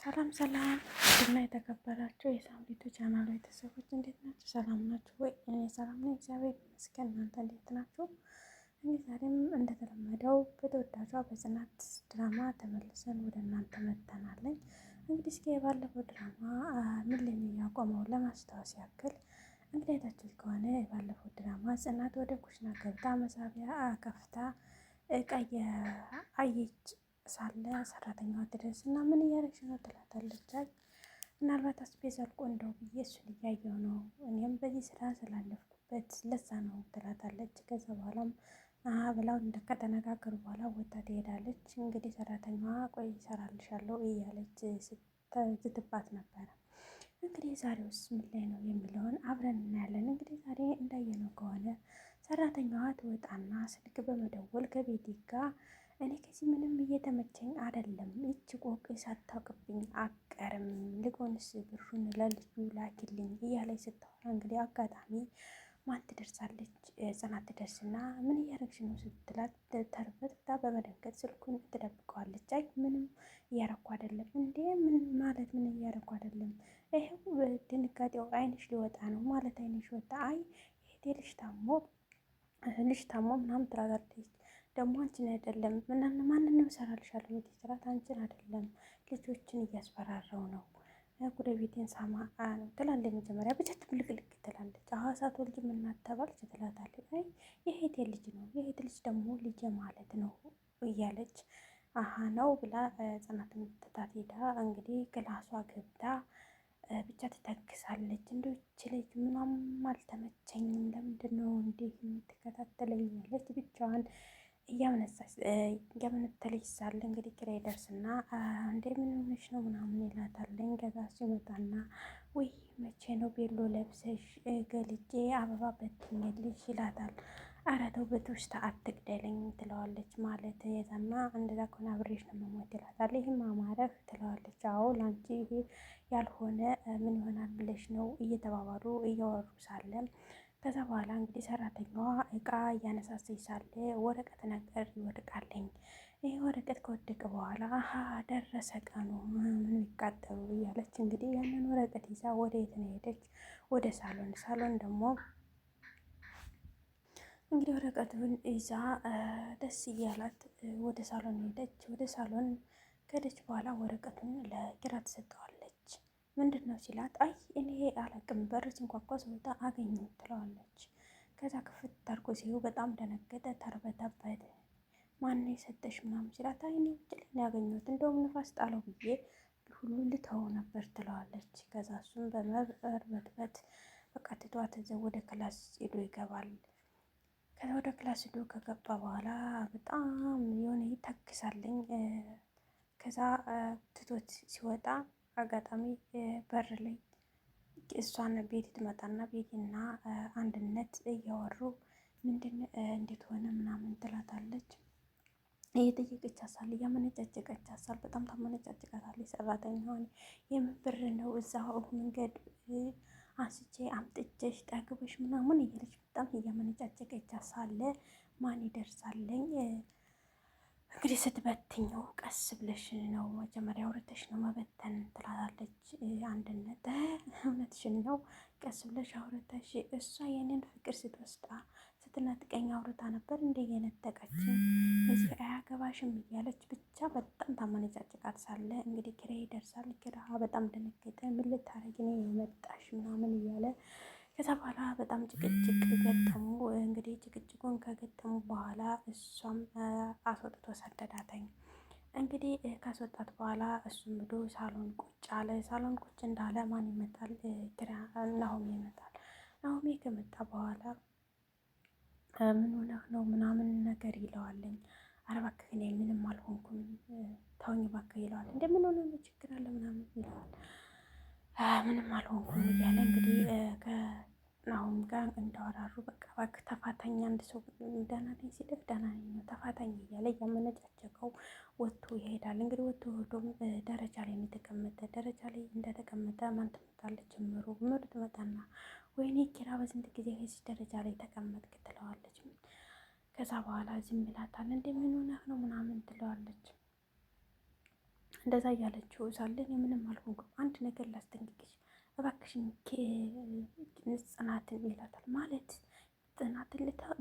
ሰላም ሰላም እና የተከበራችሁ የሳምሪቱ ቻናል ቤተሰቦች እንዴት ናችሁ? ሰላም ናችሁ ወይ? እኔ ሰላም ነኝ፣ እግዚአብሔር ይመስገን። እናንተ እንዴት ናችሁ? እኔ ዛሬም እንደተለመደው በተወዳጇ በጽናት ድራማ ተመልሰን ወደ እናንተ መጥተናለኝ። እንግዲህ እስኪ የባለፈው ድራማ ምን ላይ ነው ያቆመው ለማስታወስ ያክል እንግዲህ ከሆነ የባለፈው ድራማ ጽናት ወደ ኩሽና ገብታ መሳቢያ ከፍታ እቃ አየች ሳለ ሰራተኛዋ ድረስ እና ምን እያደረግሽ ነው ትላታለች። አይ ምናልባት አስቤዛ ቆንዶ እንደው ብዬ እሱን እያየሁ ነው እኔም በዚህ ስራ ስላለፍኩበት ለዛ ነው ትላታለች። ከዛ በኋላም ብላው ከተነጋገሩ በኋላ ወጣ ትሄዳለች። እንግዲህ ሰራተኛዋ ቆይ ይሰራልሻለሁ እያለች ስትባት ነበረ። እንግዲህ ዛሬ ዛሬውስ ምን ላይ ነው የሚለውን አብረን እናያለን። እንግዲህ ዛሬ እንዳየነው ከሆነ ሰራተኛዋ ትወጣና ስልክ በመደወል ከቤቲ ጋር እኔ ከዚህ ምንም እየተመቸኝ አይደለም። ይች ቆቅ ሳታውቅብኝ አቀርም ልጎንስ ብሩን ለልጁ ላኪልኝ እያለች ስታወራ እንግዲህ አጋጣሚ ማን ትደርሳለች? ጽናት ትደርስና ምን እያረግሽ ነው ስትላት ተርበትታ በመደንገጥ ስልኩን ትደብቀዋለች። አይ ምንም እያረኩ አይደለም። እንዴ ምን ማለት ምን እያረኩ አይደለም? ይሄው ድንጋጤው አይንሽ ሊወጣ ነው ማለት አይንሽ ወጣ። አይ ይሄ ልጅ ታሞ ልጅ ታሞ ምናምን ትራራለች ደግሞ አንቺን አይደለም ምናምን ማንንም እሰራልሻለሁ እንጂ ስራት አንቺን አይደለም ልጆችን እያስፈራራው ነው ጎረቤቴን ሳማ ነው ትላለች። መጀመሪያ ብቻ ትብልቅልቅ ትላለች። አዋሳት ወልድ የምናተባል ትላታለች። አይ የሄቴ ልጅ ነው የሄቴ ልጅ ደግሞ ልጄ ማለት ነው እያለች አሀ ነው ብላ ጽናትን ምትታት ሄዳ እንግዲህ ክላሷ ገብታ ብቻ ትተግሳለች። እንደ ይች ልጅ ምናም አልተመቸኝም፣ ለምንድን ነው እንዲህ የምትከታተለኝ? ያለች ብቻዋን እያመነተለች ሳለ እንግዲህ ኪራይ ደርስና እንደ ምን ሆነሽ ነው ምናምን ይላታለኝ። ገዛ ሲመጣና ወይ መቼ ነው ቤሎ ለብሰሽ ገልጬ አበባ በትኝልሽ ይላታል። ኧረ ተው በትውስታ አትግደለኝ ትለዋለች። ማለት የዛና እንደዛ ከሆነ አብሬሽ ነው መሞት ይላታል። ይህም አማረህ ትለዋለች። አዎ ለአንቺ ይሄ ያልሆነ ምን ይሆናል ብለሽ ነው እየተባባሉ እያወሩ ሳለም ከዛ በኋላ እንግዲህ ሰራተኛዋ እቃ እያነሳሰች ሳለ ወረቀት ነገር ይወድቃለኝ። ይህ ወረቀት ከወደቀ በኋላ ሀ ደረሰ ቀኑ ምን ይቃጠሉ እያለች እንግዲህ ያንን ወረቀት ይዛ ወደ የት ነው ሄደች? ወደ ሳሎን። ሳሎን ደግሞ እንግዲህ ወረቀቱን ይዛ ደስ እያላት ወደ ሳሎን ሄደች። ወደ ሳሎን ከሄደች በኋላ ወረቀቱን ለኪራ ትሰጠዋለች። ምንድን ነው ሲላት፣ አይ እኔ አላቅም በር ስንኳኳ ስወጣ አገኘ ትለዋለች። ከዛ ክፍት ታርጎ ሲሆ በጣም ደነገጠ፣ ተርበተበት። ማን የሰጠሽ ምናምን ሲላት፣ አይ እኔ ውጭ ላይ ያገኘሁት እንደውም ንፋስ ጣለው ብዬ ሁሉ ልተው ነበር ትለዋለች። ከዛ እሱም በመርበትበት በቃ ትቷት እዚያ ወደ ክላስ ሄዶ ይገባል። ከዛ ወደ ክላስ ሄዶ ከገባ በኋላ በጣም የሆነ ይተክሳለኝ። ከዛ ትቶት ሲወጣ አጋጣሚ በር ላይ እሷን ቤት ትመጣና ቤቲና አንድነት እያወሩ ምንድን እንዴት ሆነ ምናምን ትላታለች። እየጠየቀች ሀሳብ እያመነጫጨቀች ሀሳብ በጣም ታመነጫጭቃታለች። ሰራተኛዋን የምን ብር ነው እዛ መንገድ አንስቼ አምጥቼሽ ጠግበሽ ምናምን እያለች በጣም እያመነጫጨቀች ሳለ ማን ይደርሳለኝ እንግዲህ ስትበትኙ ቀስ ብለሽ ነው መጀመሪያ አውርተሽ ነው መበተን ትላላለች አንድነት። እውነትሽን ነው። ቀስ ብለሽ አውርተሽ እሷ የኔን ፍቅር ስትወስዳ ስትነጥቀኝ አውርታ ነበር እንደ የነጠቀችኝ እዚህ አያገባሽም እያለች ብቻ በጣም ታመነጫጭቃት ሳለ እንግዲህ ኪራ ይደርሳል። ኪራ በጣም ደነገጠ። ምን ልታረጊ ነው የመጣሽ ምናምን እያለ በጣም ጭቅጭቅ ገጠሙ። እንግዲህ ጭቅጭቁን ከገጠሙ በኋላ እሷም አስወጥቶ ሰደዳተኝ። እንግዲህ ካስወጣት በኋላ እሱም ብሎ ሳሎን ቁጭ አለ። ሳሎን ቁጭ እንዳለ ማን ይመጣል? ናሆሚ ይመጣል። ናሆሚ ከመጣ በኋላ ምን ሆነህ ነው ምናምን ነገር ይለዋለኝ። ኧረ እባክህ እኔ ምንም አልሆንኩም ተውኝ እባክህ ይለዋል። እንደምን ሆነ ነው ችግር አለ ምናምን ይለዋል። ምንም አልሆንኩም እያለ እንግዲህ ናሁም ጋር እንዳወራሩ በቃ እባክህ ተፋታኝ፣ አንድ ሰው ደህና ነኝ ሲልህ ደህና ነኝ ነው ተፋታኝ እያለ እያመነጫጨቀው ወጥቶ ይሄዳል። እንግዲህ ወጥቶ ሄዶም ደረጃ ላይ የተቀመጠ ደረጃ ላይ እንደተቀመጠ ማን ትመጣለች? ምሩ ምሩ ትመጣና ወይኔ ኪራ በስንት ጊዜ ከዚህ ደረጃ ላይ ተቀመጥክ ትለዋለች። ከዛ በኋላ ዝም ይላታል። እንደምን ምን ሆነህ ነው ምናምን ትለዋለች። እንደዛ እያለችው ሳለን የምንም አልሆንኩም፣ አንድ ነገር ላስደንግግሽ እባክሽን ጽናትን ይላታል። ማለት ጽናትን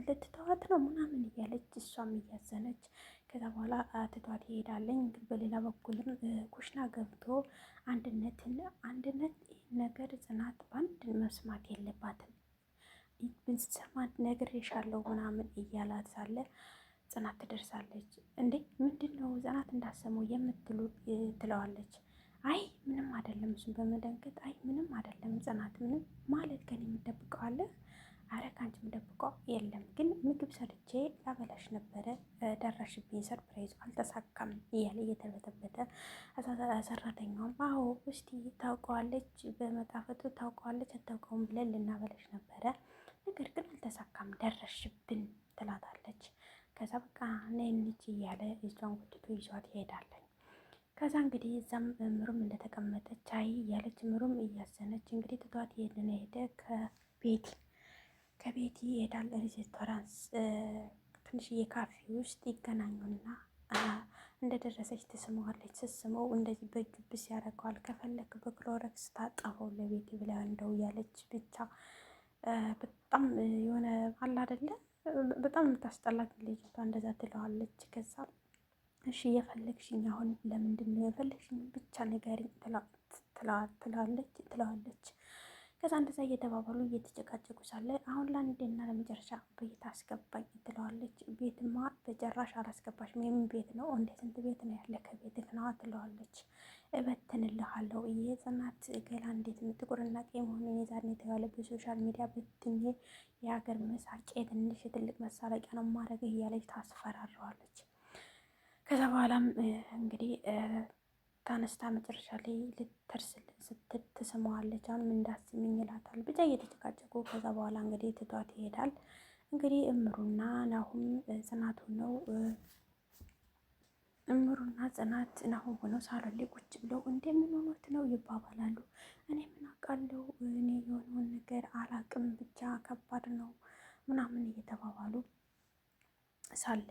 ልትተዋት ነው ምናምን እያለች እሷም እያዘነች ከዛ በኋላ ትቷት ይሄዳለኝ። በሌላ በኩልም ኩሽና ገብቶ አንድነትን አንድነት ነገር ጽናት በአንድ መስማት የለባትም ብንሰማት ነግሬሻለሁ ምናምን እያላት ሳለ ጽናት ትደርሳለች። እንዴ ምንድን ነው ጽናት እንዳሰሙ የምትሉ ትለዋለች። አይ ምንም አይደለም፣ እሱን በመደንገጥ አይ ምንም አይደለም ጽናት፣ ምንም ማለት ከኔ የምደብቀው አለ? አረ ከአንቺ የምደብቀው የለም፣ ግን ምግብ ሰርቼ ላበላሽ ነበረ ደረሽብኝ፣ ሰርፕራይዙ አልተሳካም እያለ እየተበተበተ ሰራተኛውም አዎ እስቲ ታውቀዋለች፣ በመጣፈጡ ታውቀዋለች፣ አታውቀውም ብለን ልናበላሽ ነበረ፣ ነገር ግን አልተሳካም፣ ደረሽብን ትላታለች። ከዛ በቃ ነይ እንሂድ እያለ እጇን ጉትቶ ይዟት ይሄዳለን። ከዛ እንግዲህ እዛም ምሩም እንደተቀመጠች አይ እያለች ምሩም እያዘነች እንግዲህ ትቷት ይሄንን ሄደ። ከቤቲ ከቤቲ ይሄዳል ሬስቶራንት ትንሽዬ ካፌ ውስጥ ይገናኙና እንደደረሰች ትስመዋለች። ስስመው እንደዚህ በእጁ ብስ ያደርገዋል። ከፈለክ በክሎረክስ ታጠበው ለቤቲ ብላ እንደው ያለች ብቻ በጣም የሆነ አለ አይደለ፣ በጣም የምታስጠላት ልጅቷ እንደዛ ትለዋለች። ከዛ እሺ የፈለግሽኝ አሁን ለምንድን ነው የፈለግሽኝ ብቻ ንገሪኝ ትለዋለች ትለዋለች። ከዛ እንደዛ እየተባባሉ እየተጨቃጨቁ ሳለ አሁን ለአንዴና ለመጨረሻ ቤት አስገባኝ ትለዋለች። ቤትማ በጨራሽ አላስገባሽም። የምን ቤት ነው? እንደ ስንት ቤት ነው ያለ ከቤትህ ነዋ ትለዋለች። እበትንልሃለሁ የጽናት ገላ እንዴት ነው ጥቁርና ቀይ መሆኑን የዛሬ የተባለ በሶሻል ሚዲያ በትኜ የሀገር መሳቂያ የትንሽ የትልቅ መሳለቂያ ነው ማድረግህ እያለች ታስፈራረዋለች። ከዛ በኋላም እንግዲህ ተነስታ መጨረሻ ላይ ልትደርስልን ስትል ትስመዋለች። አሁን ምን ይላታል። ብቻ እየተጨቃጨቁ ከዛ በኋላ እንግዲህ ትቷት ይሄዳል። እንግዲህ እምሩና ናሁም ጽናት ሆነው እምሩና ጽናት ናሁም ሆነው ሳሎን ላይ ቁጭ ብለው እንደ ምን ሆኖት ነው ይባባላሉ። እኔ ምን አውቃለሁ እኔ የሆነውን ነገር አላቅም ብቻ ከባድ ነው ምናምን እየተባባሉ ሳለ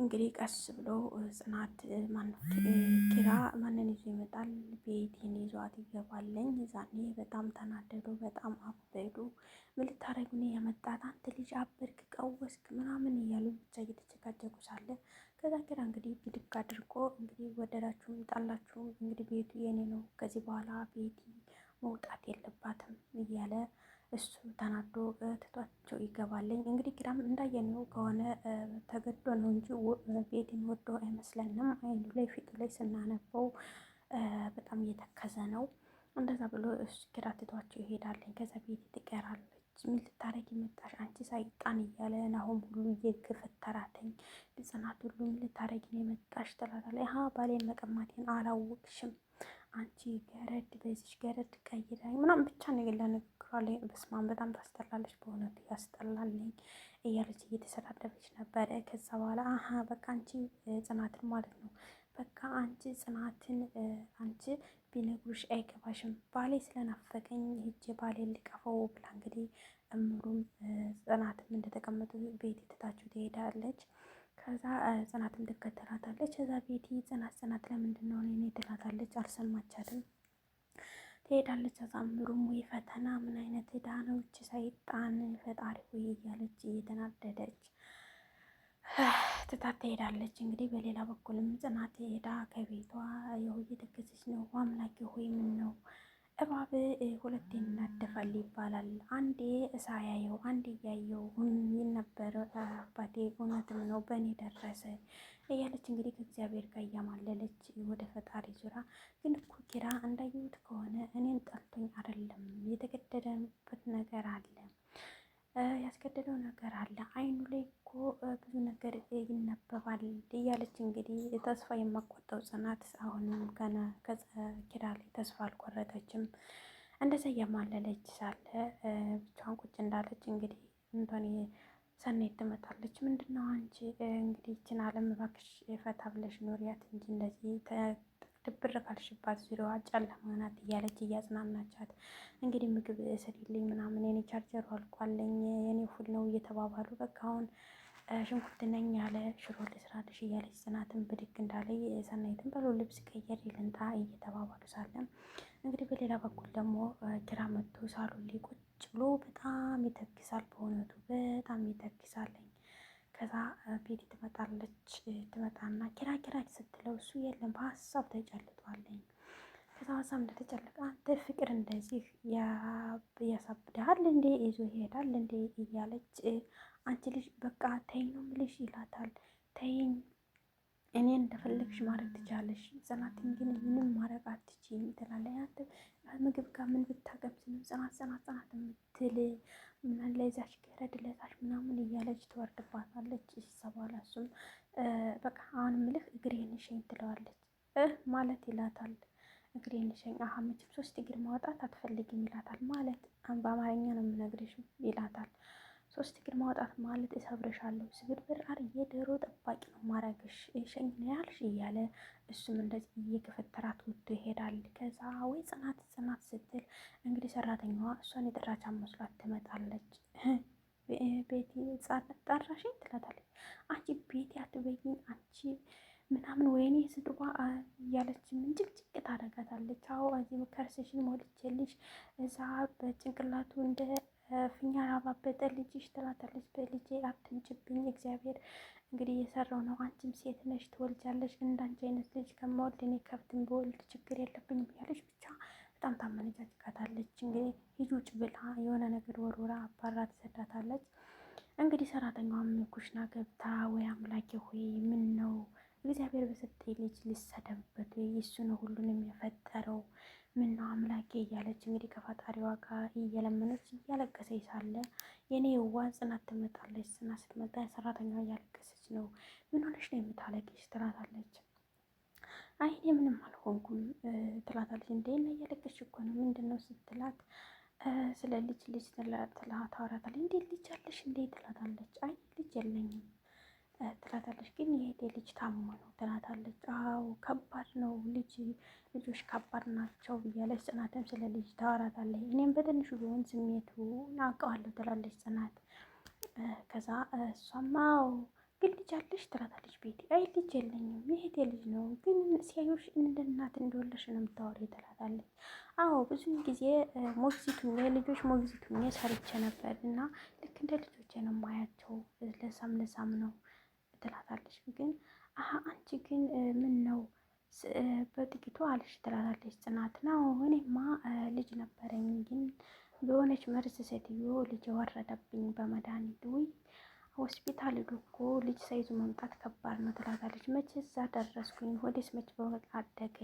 እንግዲህ ቀስ ብሎ ጽናት ማነት ኪራ ማንን ይዞ ይመጣል? ቤቴን ይዟት ይገባለኝ። ዛኔ በጣም ተናደዱ፣ በጣም አበዱ። ምን ልታረግ ነው የመጣት አንተ ልጅ አበድክ፣ ቀወስክ ምናምን እያሉ ብቻ እየተጨቃጨቁ ሳለ ከዛ ኪራ እንግዲህ ብድግ አድርጎ እንግዲህ ወደዳችሁም ጣላችሁም እንግዲህ ቤቱ የኔ ነው፣ ከዚህ በኋላ ቤቲ መውጣት የለባትም እያለ እሱ ተናዶ ትቷቸው ይገባለኝ። እንግዲህ ኪራም እንዳየነው ከሆነ ተገዶ ነው እንጂ ቤትን ወዶ አይመስለንም። አይኑ ላይ ፊቱ ላይ ስናነበው በጣም እየተከዘ ነው። እንደዛ ብሎ እሱ ኪራ ትቷቸው ይሄዳለኝ። ከዛ ቤት ትቀራለች። ምን ልታረጊ የመጣሽ አንቺ ሳይጣን እያለ አሁን ሁሉ እየገፈተራተኝ ጽናት ሁሉ ምን ልታረጊ የመጣሽ ትላለች። ሀ ባሌን መቀማቴን አላወቅሽም አንቺ ገረድ፣ በዚሽ ገረድ ቀይረኝ ምናምን ብቻ ነገር ተናግሯል። በስማን በጣም ታስጠላለች፣ በእውነቱ ያስጠላልኝ እያለች እየተሰዳደበች ነበረ። ከዛ በኋላ አሀ በቃ አንቺ ጽናትን ማለት ነው በቃ አንቺ ጽናትን አንቺ ቢነግሩሽ አይገባሽም፣ ባሌ ስለናፈቀኝ ሄጄ ባሌ ልቀፈው ብላ እንግዲህ እምሩም ጽናትም እንደተቀመጡ ቤት ትታችሁ ትሄዳለች። ከዛ ጽናትም ትከተላታለች። ከዛ ቤቲ ጽናት ጽናት ለምንድን ነው እኔ ትላታለች። አልሰማቻትም ትሄዳለች። አዛምሩም ወይ ፈተና ምን አይነት ዕዳ ነው እች ሰይጣን ፈጣሪ ወይ እያለች እየተናደደች ትታት ትሄዳለች። እንግዲህ በሌላ በኩልም ጽናት ሄዳ ከቤቷ የሆይ እየተገዘች ነው። አምላኬ ሆይ ምን ነው እባብ ሁለቴ ይናደፋል ይባላል። አንዴ ያየው አንዴ እያየው ነበር አባቴ እውነትም ነው በእኔ ደረሰ እያለች እንግዲህ ከእግዚአብሔር ጋር እያማለለች ወደ ፈጣሪ ዙራ። ግን እኮ ኪራ እንዳየሁት ከሆነ እኔን ጠልቶኝ አይደለም፣ የተገደደበት ነገር አለ፣ ያስገደደው ነገር አለ። አይኑ ላይ እኮ ብዙ ነገር ይነበባል እያለች ተስፋ የማቆጠው ጽናት አሁንም ገና ከኪራ ላይ ተስፋ አልቆረጠችም። እንደዛ እያማለለች ሳለ ብቻዋን ቁጭ እንዳለች እንግዲህ እንቶኒ ሰናይት ትመጣለች። ምንድን ነው አንቺ እንግዲህ ይችን አለም እባክሽ ፈታ ብለሽ ኖሪያት እንጂ እንደዚህ ድብር ካልሽባት ዙሪያዋ ጨለማ ናት እያለች እያጽናናቻት እንግዲህ ምግብ ስሪልኝ ምናምን የኔ ቻርጀሩ አልቋለኝ የኔ ሁል ነው እየተባባሉ በቃ አሁን ሽንኩርት ነኝ ያለ ሽሮ ልስራልሽ እያለች ጽናትን ብድግ እንዳለ ሰናይትን በሎ ልብስ ቀየር ይልንጣ እየተባባሉ ሳለ እንግዲህ በሌላ በኩል ደግሞ ኪራ መጥቶ ሳሎን ሊቁጭ ብሎ በጣም ይተክሳል። በእውነቱ በጣም ይተክሳለኝ። ከዛ ቤቲ ትመጣለች። ትመጣና ኪራ ኪራ ስትለው እሱ የለም በሀሳብ ተጨልጧለኝ። ከዛ ሀሳብ እንደተጨለቀ አንተ ፍቅር እንደዚህ ያሳብድሃል እንዴ ይዞ ይሄዳል እንዴ እያለች አንቺ ልጅ በቃ ተይኝ ነው የምልሽ ይላታል። ተይኝ እኔ እንደፈለግሽ ማድረግ ትችላለሽ፣ ጽናትን ግን ምንም ማድረግ አትችይም ትላለች። አንተ ምግብ ጋር ምን ብታገብዝም ጽናት ጽናት ጽናት የምትል መለዛሽ ገረድ ለታሽ ምናምን እያለች ትወርድባታለች። እሷ በኋላ እሱም በቃ አሁን ምልህ እግሬን ሸኝ ትለዋለች ማለት ይላታል። እግሬን ልሸኝ፣ አሀ መቼም ሶስት እግር ማውጣት አትፈልግም ይላታል። ማለት በአማርኛ ነው የምነግርሽ ይላታል። ሶስት እግር ማውጣት ማለት እሰብርሻለሁ፣ ስብርብር አድርጌ ዶሮ ጠባቂ ነው ማረግሽ፣ ሸኝ ነው ያልሽ እያለ እሱም እንደዚህ እየገፈተራት ወጥቶ ይሄዳል። ከዛ ወይ ጽናት ጽናት ስትል እንግዲህ ሰራተኛዋ እሷን የጠራች መስሏት ትመጣለች። ቤቴ ጻ ጠራሽኝ ትላታለች። አንቺ ቤቴ አትበይኝ አንቺ ምናምን ወይኔ ስድቧ እያለች ምን ጭቅጭቅ ታደርጋታለች። አዎ ከርስሽን ሞልቼልሽ እዛ በጭንቅላቱ እንደ ፊኛ ላባበጠ ልጅሽ ትላታለች። በልጄ አትንጭብኝ፣ እግዚአብሔር እንግዲህ የሰራው ነው። አንቺም ሴት ነሽ ትወልጃለሽ። እንዳንቺ አይነት ልጅ ከመወልድ እኔ ከብትን በወልድ ችግር የለብኝም እያለች ብቻ በጣም ታመነጫጭቃታለች። እንግዲህ ሂጂ ውጭ ብላ የሆነ ነገር ወርውራ አባራ ትሰዳታለች። እንግዲህ ሰራተኛዋም ኩሽና ገብታ ወይ አምላኬ ሆይ ምን ነው እግዚአብሔር በሰጠኝ ልጅ ልሰደብበት የእሱ ነው ሁሉንም የፈጠረው ምነው አምላኬ እያለች እንግዲህ ከፈጣሪዋ ጋር እየለመነች እያለቀሰች ሳለ የኔ የዋህ ጽናት ትመጣለች። ጽናት ስትመጣ ሰራተኛ እያለቀሰች ነው። ምን ሆነሽ ነው የምታለቅሽ? ትላታለች። አይ እኔ ምንም አልሆንኩም ትላታለች። እንዴ እና እያለቀሽ እኮ ነው ምንድን ነው ስትላት ስለ ልጅ ልጅ ትላታለች። እንዴ ልጅ አለሽ እንዴ? ትላታለች። አይ ልጅ የለኝም ትላታለች። ግን የሄደ ልጅ ታሞ ነው ትላታለች። አዎ ከባድ ነው ልጅ ልጆች ከባድ ናቸው ብያለች። ጽናትም ስለ ልጅ ታወራታለች። እኔም በትንሹ ቢሆን ስሜቱ አውቀዋለሁ ትላለች ጽናት። ከዛ እሷም አዎ ግን ልጅ አለሽ ትላታለች። ቤቲ አይ ልጅ የለኝም የሄደ ልጅ ነው፣ ግን ሲያዩሽ እንደ እናት እንደወለሽ ነው የምታወሪው ትላታለች። አዎ ብዙን ጊዜ ሞግዚቱ የልጆች ሞግዚቱ ሰርቼ ነበር እና ልክ እንደ ልጆቼ ነው የማያቸው። ለሳም ለሳም ነው ትላታለች። ግን አሀ አንቺ ግን ምን ነው በጥቂቱ አልሽ ትላታለች ጽናት ነው። እኔማ ልጅ ነበረኝ ግን በሆነች መርዝ ሴትዮ ልጅ የወረደብኝ በመድኃኒት ውይ ሆስፒታል ሄዱ እኮ ልጅ ሳይዙ መምጣት ከባድ ነው ትላታለች። መቼ እዛ ደረስኩኝ ወዴስ መች በወጣ አደገ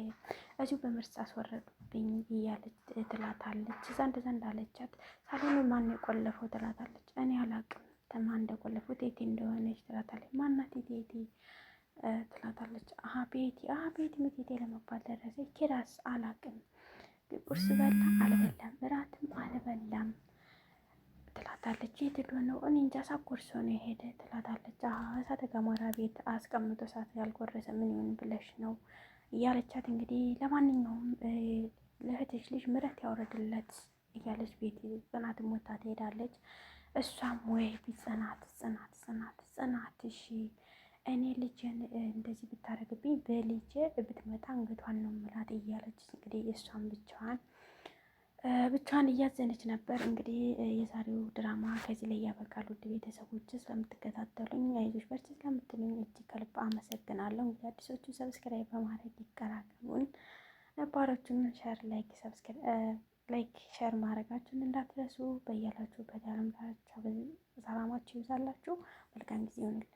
እዚሁ በምርስ አስወረዱብኝ እያለች ትላታለች። እዛ እንደዛ እንዳለቻት ሳሎኑ ማን የቆለፈው ትላታለች። እኔ አላቅም ማን እንደቆለፉት ቴቴ እንደሆነች ትላታለች። ማናት ቴቴ ትላታለች። አ ቤቲ አ አቤት ምቴቴ ለመባል ደረሰ። ኪራስ አላቅም ቁርስ በላ አልበላም፣ እራትም አልበላም ትላታለች። የት ሄዶ ነው? እኔ እንጃ ሳትጎርሶ ነው የሄደ ትላታለች። እሳተ ገሞራ ቤት አስቀምጦ እሳት ያልጎረሰ ምን ይሆን ብለሽ ነው እያለቻት እንግዲህ ለማንኛውም ለእህትሽ ልጅ ምረት ያውረድለት እያለች ቤት ጽናት ሞታ ትሄዳለች። እሷም ወይ ጽናት ጽናት ጽናት ጽናት እሺ እኔ ልጄን እንደዚህ ብታደርግብኝ በልጄ ብትመጣ አንገቷን ነው ምላት እያለች እንግዲህ እሷን ብቻዋን ብቻዋን እያዘነች ነበር። እንግዲህ የዛሬው ድራማ ከዚህ ላይ ያበቃል። ውድ ቤተሰቦች ስለምትከታተሉኝ አይዞች በርቺ ስለምትሉኝ እጅግ ከልብ አመሰግናለሁ። እንግዲህ አዲሶቹን ሰብስክራይብ በማድረግ ይቀላቀሉን። ነባሮቹን ሸር፣ ላይክ፣ ሰብስክራይብ ላይክ ሸር ማድረጋችሁን እንዳትረሱ። በያላችሁበት ያለም ዳርቻ ሰላማችሁ ይብዛላችሁ። መልካም ጊዜ ይሆንልን።